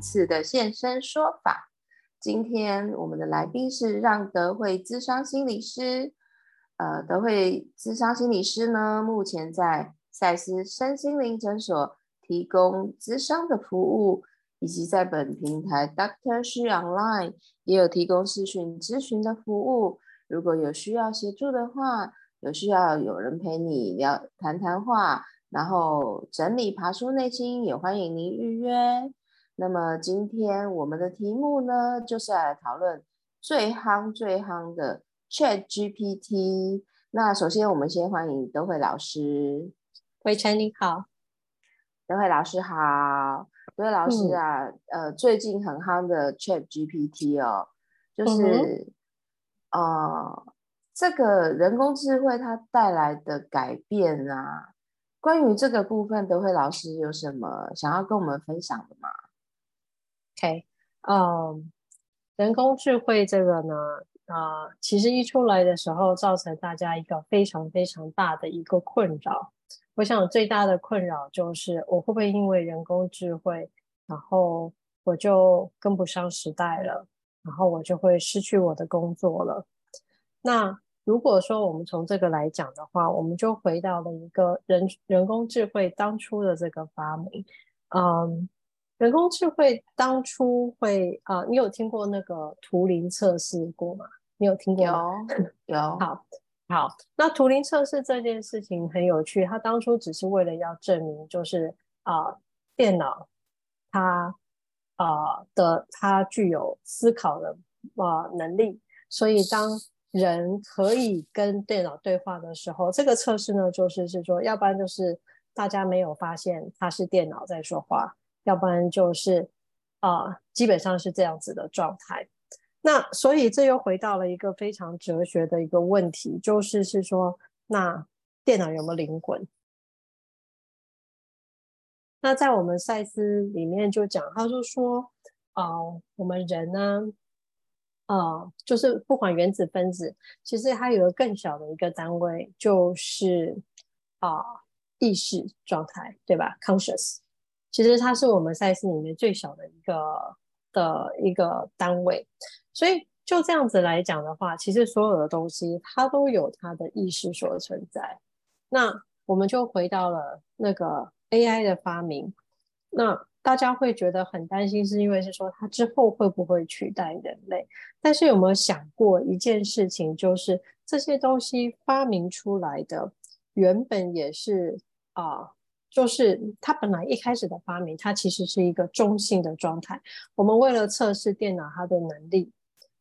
次的獻聲說法，今天我們的來賓是讓德惠諮商心理師。呃，德惠諮商心理師呢，目前在賽斯身心靈診所提供諮商的服務，以及在本平台 Doctor She Online 也有提供視訊諮詢的服務。如果有需要協助的話，有需要有人陪你聊，談談話，然後整理爬梳內心，也歡迎您預約。那麼今天我們的題目呢，就是來，來討論最夯最夯的 Chat GPT。那首先我們先歡迎德惠老師，偉成你好，德惠老師好。德惠，惠老師啊，嗯、呃，最近很夯的 Chat GPT 哦，就是啊、嗯呃，這個人工智慧它帶來的改變啊，關於這個部分，德惠老師有什麼想要跟我們分享的嗎？嗯，人工智慧這個呢，啊、呃，其實一出來的時候，造成大家一個非常非常大的一個困擾。我想最大的困擾就是，我會不會因為人工智慧，然後我就跟不上時代了，然後我就會失去我的工作了。那如果說我們從這個來講的話，我們就回到了一個人人工智慧當初的這個發明，嗯。人工智慧當初會啊、呃，你有聽過那個圖靈測試過嗎？你有聽過嗎？有，有 好，好。那圖靈測試這件事情很有趣，它當初只是為了要證明，就是啊、呃，電腦它啊、呃、的它具有思考的啊、呃、能力。所以當人可以跟電腦對話的時候，這個測試呢，就是是說，要不然就是大家沒有發現它是電腦在說話。要不然就是啊、呃，基本上是這樣子的狀態。那所以這又回到了一個非常哲學的一個問題，就是是說，那電腦有沒有靈魂？那在我們賽斯裡面就講，他就說啊、呃，我們人呢、啊，啊、呃，就是不管原子分子，其實它有個更小的一個單位，就是啊、呃，意識狀態，對吧？conscious。Cons 其實它是我們賽斯裡面最小的一個的一個單位，所以就這樣子來講的話，其實所有的東西它都有它的意識所存在。那我們就回到了那個 AI 的發明，那大家會覺得很擔心，是因為是說它之後會不會取代人類？但是有沒有想過一件事情，就是這些東西發明出來的原本也是啊。就是它本來一開始的發明，它其實是一個中性的狀態。我們為了測試電腦它的能力，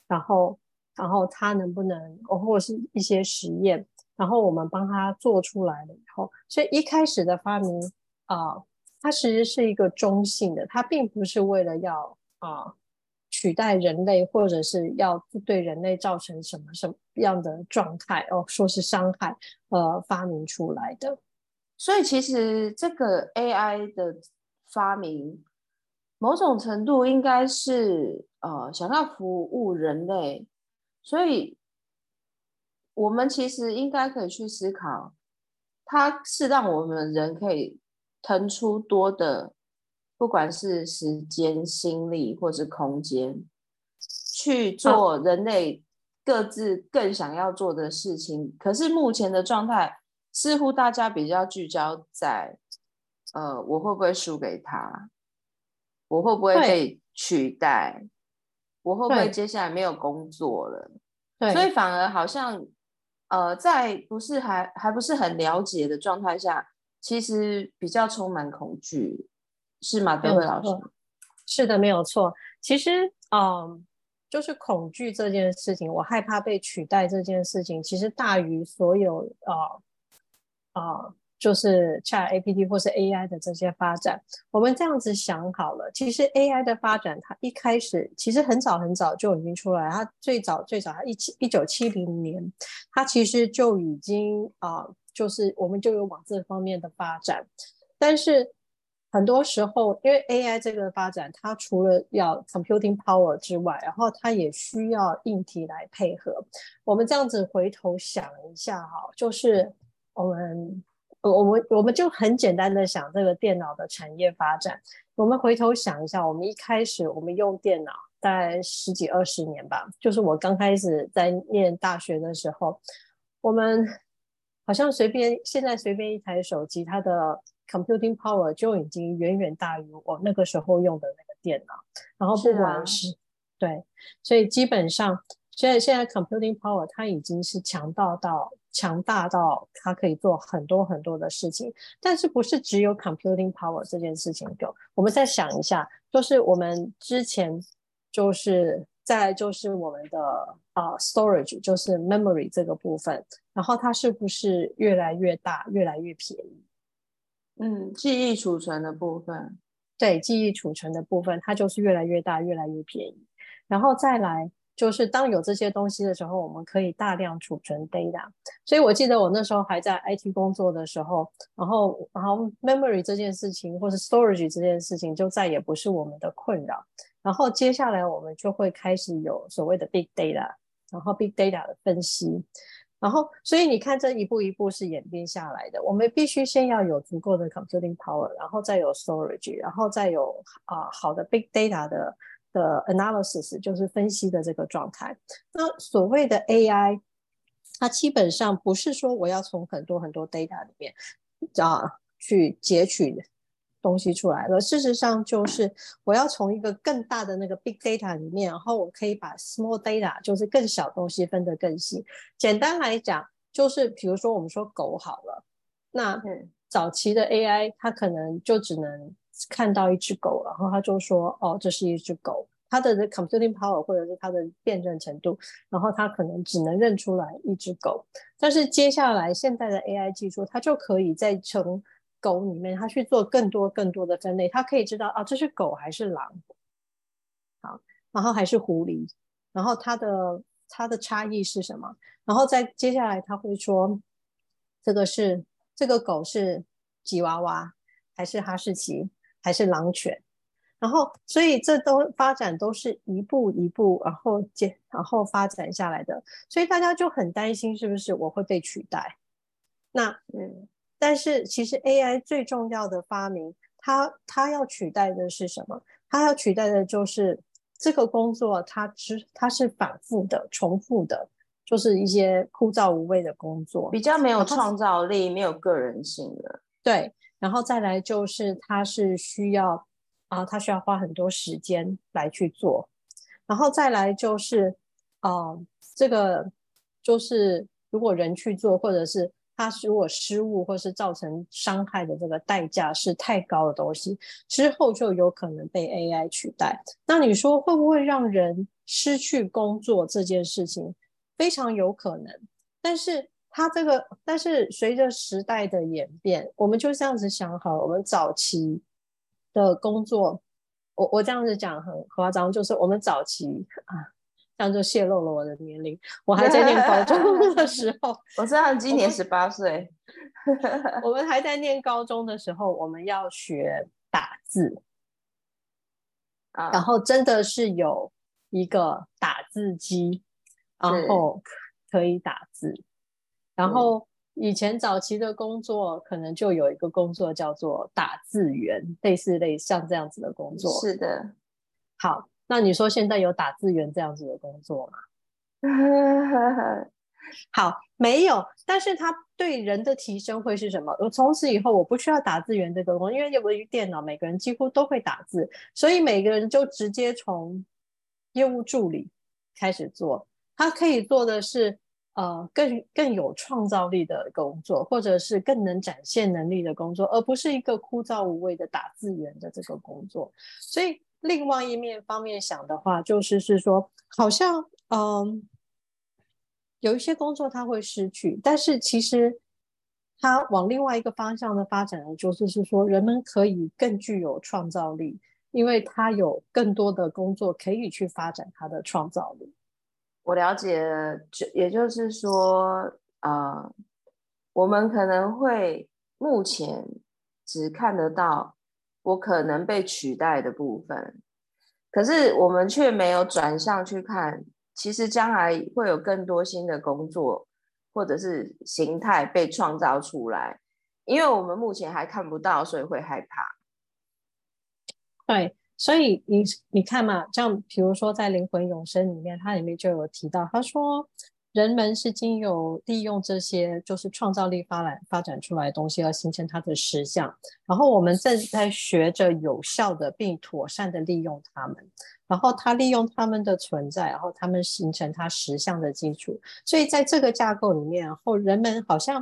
然後，然後它能不能，或、哦、或是一些實驗，然後我們幫它做出來了以後，所以一開始的發明啊，它、呃、其實是一個中性的，它並不是為了要啊、呃、取代人類，或者是要對人類造成什麼什麼樣的狀態哦，說是傷害，呃，發明出來的。所以，其實這個 AI 的發明，某種程度應該是呃，想要服務人類。所以，我們其實應該可以去思考，它是讓我們人可以騰出多的，不管是時間、心力，或是空間，去做人類各自更想要做的事情。可是，目前的狀態。似乎大家比較聚焦在，呃，我會不會輸給他？我會不會被取代？對我會不會接下來沒有工作了？對所以反而好像，呃，在不是還還不是很了解的狀態下，其實比較充滿恐懼，是嗎？德惠對、嗯、老師？是的，沒有錯。其實，嗯、呃，就是恐懼這件事情，我害怕被取代這件事情，其實大於所有呃。啊、呃，就是 ChatGPT 或是 A I 的這些發展，我們這樣子想好了。其實 A I 的發展，它一開始其實很早很早就已經出來，它最早最早它一七一九七零年，它其實就已經啊、呃，就是我們就有往這方面的發展。但是很多時候，因為 A I 這個發展，它除了要 computing power 之外，然後它也需要硬體來配合。我們這樣子回頭想一下哈，就是。我們我我們我們就很簡單的想這個電腦的產業發展。我們回頭想一下，我們一開始我們用電腦大概十幾二十年吧，就是我剛開始在念大學的時候，我們好像隨便現在隨便一台手機，它的 computing power 就已經遠遠大於我那個時候用的那個電腦。然後不管是，是啊，對，所以基本上。所以現在，現在 computing power 它已經是強大到到強大到它可以做很多很多的事情，但是不是只有 computing power 這件事情有？我們再想一下，就是我們之前就是在就是我們的啊、uh, storage 就是 memory 這個部分，然後它是不是越來越大，越來越便宜？嗯，記憶儲存的部分，對，記憶儲存的部分，它就是越來越大，越來越便宜，然後再來。就是當有這些東西的時候，我們可以大量儲存 data。所以我記得我那時候還在 IT 工作的時候，然後然後 memory 這件事情，或是 storage 這件事情，就再也不是我們的困擾。然後接下來我們就會開始有所謂的 big data，然後 big data 的分析。然後所以你看，這一步一步是演變下來的。我們必須先要有足夠的 computing power，然後再有 storage，然後再有啊、呃、好的 big data 的。的 analysis 就是分析的這個狀態。那所謂的 AI，它基本上不是說我要從很多很多 data 裡面啊去截取東西出來了。事實上，就是我要從一個更大的那個 big data 裡面，然後我可以把 small data，就是更小東西分得更細。簡單來講，就是比如說我們說狗好了，那早期的 AI 它可能就只能。看到一隻狗，然後他就說：“哦，這是一隻狗。”它的 computing power 或者是它的辨認程度，然後它可能只能認出來一隻狗。但是接下來現在的 AI 技術，它就可以在成狗裡面，它去做更多更多的分類，它可以知道啊、哦，這是狗還是狼，好，然後還是狐狸，然後它的它的差異是什麼？然後再接下來，他會說，這個是這個狗是吉娃娃還是哈士奇？還是狼犬，然後所以這都發展都是一步一步，然後然後發展下來的，所以大家就很擔心是不是我會被取代？那嗯，但是其實 AI 最重要的發明，它它要取代的是什麼？它要取代的就是這個工作它，它只它是反覆的、重複的，就是一些枯燥無味的工作，比較沒有創造力、沒有個人性的，對。然後再來就是，它是需要啊、呃，他需要花很多時間來去做。然後再來就是，啊、呃，這個就是如果人去做，或者是他如果失誤，或是造成傷害的這個代價是太高的東西，之後就有可能被 AI 取代。那你說會不會讓人失去工作這件事情？非常有可能。但是。他這個，但是隨着時代的演變，我們就這樣子想好了。我們早期的工作，我我這樣子講很誇張，就是我們早期啊，這樣就洩露了我的年齡。我還在念高中的時候， 我知道今年十八歲。 我們還在念高中的時候，我們要學打字、uh, 然後真的是有一個打字機，是然後可以打字。然後以前早期的工作，可能就有一個工作叫做打字員，類似類像這樣子的工作。是的。好，那你說現在有打字員這樣子的工作嗎？ 好，沒有。但是他對人的提升會是什麼？我從此以後我不需要打字員這個工，因為有個電腦，每個人幾乎都會打字，所以每個人就直接從業務助理開始做。他可以做的是。呃，更更有創造力的工作，或者是更能展現能力的工作，而不是一個枯燥無味的打字員的這個工作。所以，另外一面方面想的話，就是是說，好像嗯、呃，有一些工作它會失去，但是其實他往另外一個方向的發展呢，就是是說，人們可以更具有創造力，因為他有更多的工作可以去發展他的創造力。我了解了，就也就是說，呃，我們可能會目前只看得到我可能被取代的部分，可是我們卻沒有轉向去看，其實將來會有更多新的工作或者是形態被創造出來，因為我們目前還看不到，所以會害怕。對。所以你你看嘛，像比如說在靈魂永生裡面，它裡面就有提到，他說人們是經由利用這些，就是創造力發來發展出來的東西，要形成它的實相。然後我們正在學着有效的並妥善的利用它們。然後它利用它們的存在，然後它們形成它實相的基礎。所以在這個架構裡面，然後人們好像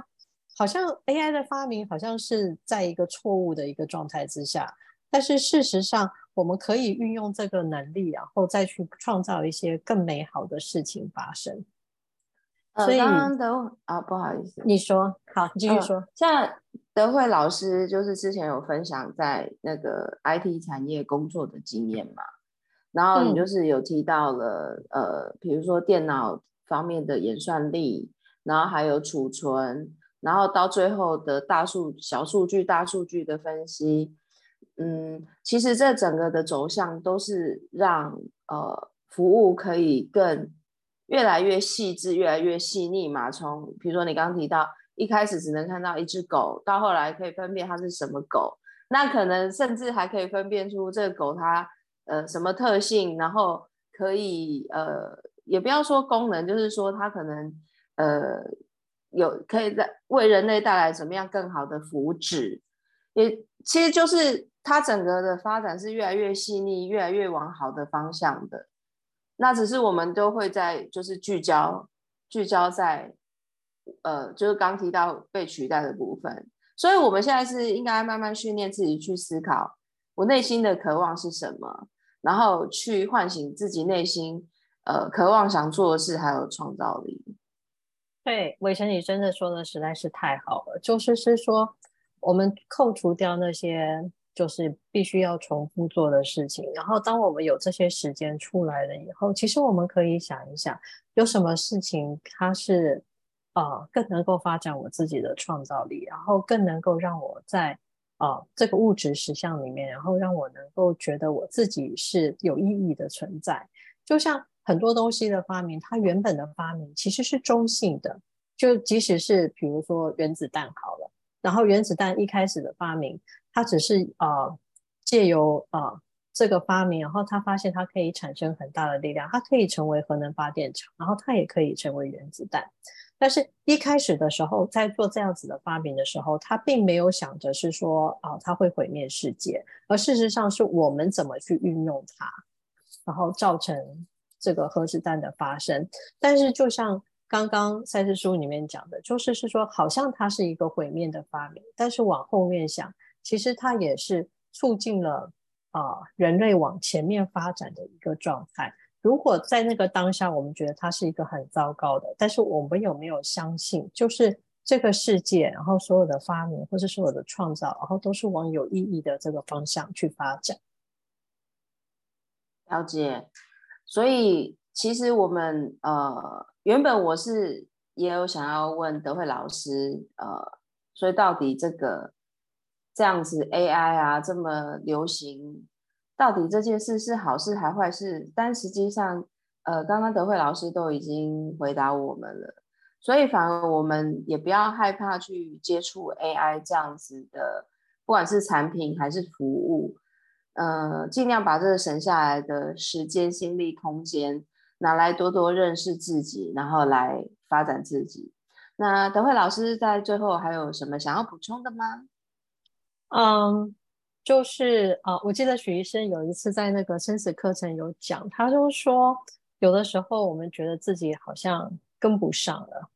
好像 AI 的發明，好像是在一個錯誤的一個狀態之下，但是事實上。我們可以運用這個能力，然後再去創造一些更美好的事情發生。呃、所以，剛剛啊不好意思，你說好，你繼續說。呃、像德惠老師，就是之前有分享在那個 IT 產業工作的經驗嘛，然後你就是有提到了，嗯、呃，比如說電腦方面的演算力，然後還有儲存，然後到最後的大數、小數據、大數據的分析。嗯，其實這整個的走向，都是讓呃服務可以更越來越細緻、越來越細膩嘛。從比如說你剛剛提到，一開始只能看到一隻狗，到後來可以分辨它是什麼狗，那可能甚至還可以分辨出這個狗它呃什麼特性，然後可以呃也不要說功能，就是說它可能呃有可以在為人類帶來什麼樣更好的福祉，也其實就是。它整個的發展是越來越細膩，越來越往好的方向的。那只是我們都會在，就是聚焦，聚焦在，呃，就是剛提到被取代的部分。所以，我們現在是應該慢慢訓練自己去思考，我內心的渴望是什麼，然後去喚醒自己內心，呃，渴望想做的事還有創造力。對，偉成，你真的說的實在是太好了。就是是說，我們扣除掉那些。就是必須要重複做的事情。然後，當我們有這些時間出來了以後，其實我們可以想一想，有什麼事情它是啊、呃、更能夠發展我自己的創造力，然後更能夠讓我在啊、呃、這個物質實相裡面，然後讓我能夠覺得我自己是有意義的存在。就像很多東西的發明，它原本的發明其實是中性的。就即使是比如說原子彈好了，然後原子彈一開始的發明。他只是啊，借由，呃，啊，呃，這個發明，然後他發現它可以產生很大的力量，它可以成為核能發電廠，然後它也可以成為原子彈。但是，一開始的時候在做這樣子的發明的時候，他並沒有想着是說啊，他，呃，會毀滅世界。而事實上，是我們怎麼去運用它，然後造成這個核子彈的發生。但是，就像剛剛賽斯書裡面講的，就是是說，好像它是一個毀滅的發明，但是往後面想。其實它也是促進了啊、呃、人類往前面發展的一個狀態。如果在那個當下，我們覺得它是一個很糟糕的，但是我們有沒有相信，就是這個世界，然後所有的發明或者所有的創造，然後都是往有意義的這個方向去發展？了解。所以其實我們呃，原本我是也有想要問德惠老師呃，所以到底這個。這樣子 AI 啊這麼流行，到底這件事是好事還壞事？但實際上，呃，剛剛德惠老師都已經回答我們了，所以反而我們也不要害怕去接觸 AI 這樣子的，不管是產品還是服務，呃、儘量把這個省下來的時間、心力、空間拿來多多認識自己，然後來發展自己。那德惠老師在最後還有什麼想要補充的嗎？嗯，um, 就是啊，uh, 我記得許醫生有一次在那個生死課程有講，他就說有的時候我們覺得自己好像跟不上了，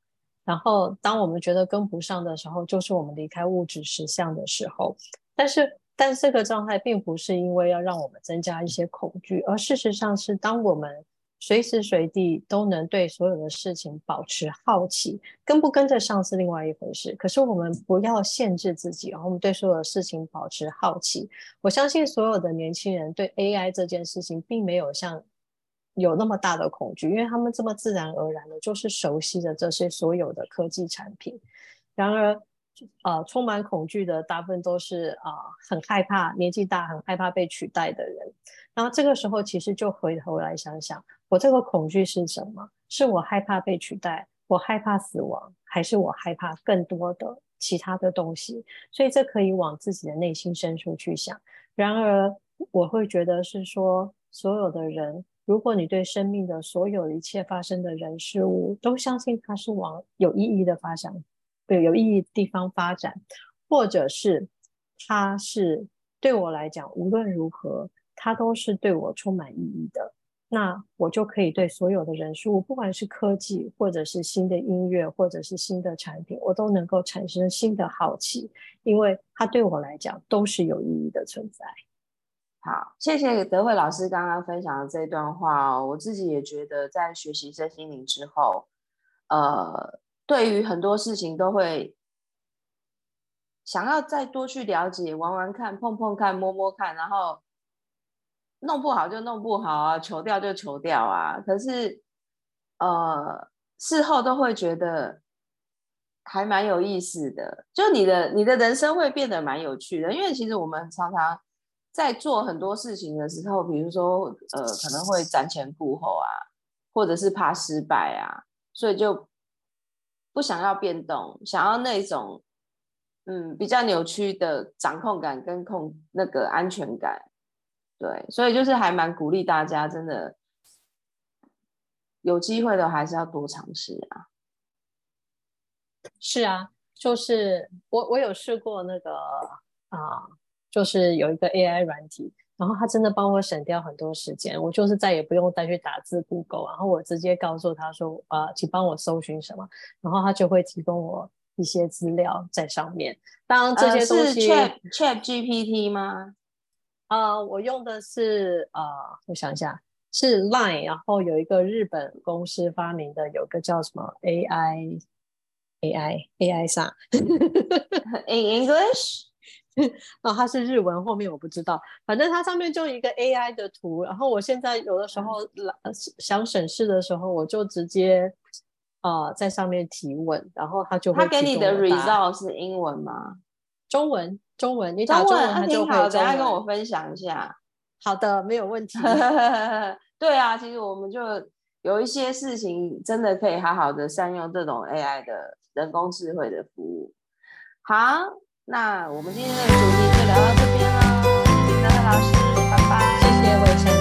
然後當我們覺得跟不上的時候，就是我們離開物質實相的時候。但是，但是這個狀態並不是因為要讓我們增加一些恐懼，而事實上是當我們。隨時隨地都能對所有的事情保持好奇，跟不跟得上是另外一回事。可是我們不要限制自己，我們對所有的事情保持好奇。我相信所有的年輕人對 AI 這件事情並沒有像有那麼大的恐懼，因為他們這麼自然而然的就是熟悉的這些所有的科技產品。然而，呃，充滿恐懼的大部分都是啊、呃，很害怕年紀大，很害怕被取代的人。然後這個時候，其實就回頭來想想，我這個恐懼是什麼？是我害怕被取代，我害怕死亡，還是我害怕更多的其他的東西？所以這可以往自己的內心深處去想。然而，我會覺得是說，所有的人，如果你對生命的所有一切發生的人事物都相信它是往有意義的發展，對有意義的地方發展，或者是它是對我來講無論如何。它都是對我充滿意義的，那我就可以對所有的人事物，不管是科技，或者是新的音樂，或者是新的產品，我都能夠產生新的好奇，因為它對我來講都是有意義的存在。好，謝謝德惠老師剛剛分享的這段話，我自己也覺得在學習身心靈之後，呃，對於很多事情都會想要再多去了解，玩玩看，碰碰看，摸摸看，然後。弄不好就弄不好啊，求掉就求掉啊。可是，呃，事後都會覺得還蠻有意思的，就你的你的人生會變得蠻有趣的。因為其實我們常常在做很多事情的時候，比如說呃，可能會瞻前顧後啊，或者是怕失敗啊，所以就不想要變動，想要那種嗯比較扭曲的掌控感跟控那個安全感。對，所以就是還蠻鼓勵大家，真的有機會的還是要多嘗試啊。是啊，就是我我有試過那個啊、呃，就是有一個 AI 軟體，然後他真的幫我省掉很多時間，我就是再也不用再去打字 Google，然後我直接告訴他說：“呃，請幫我搜尋什麼”，然後他就會提供我一些資料在上面。當這些東西、呃、是 Chat Chat GPT 嗎？啊，uh, 我用的是啊，uh, 我想一下，是 Line，然後有一個日本公司發明的，有個叫什麼 AI，AI，AI AI，AI 上。 In English？哦，uh, 它是日文，後面我不知道。反正它上面就一個 AI 的圖，然後我現在有的時候、嗯、想省事的時候，我就直接、uh, 在上面提問，然後他就答，他給你的 result 是英文嗎？中文？中文，你打中文它就文。啊、好，等下跟我分享一下。好的，沒有問題。 對啊，其實我們就有一些事情真的可以好好的善用這種 AI 的人工智慧的服務。好，那我們今天的主題就聊到這邊了。謝謝南樂老師，拜拜。謝謝魏晨。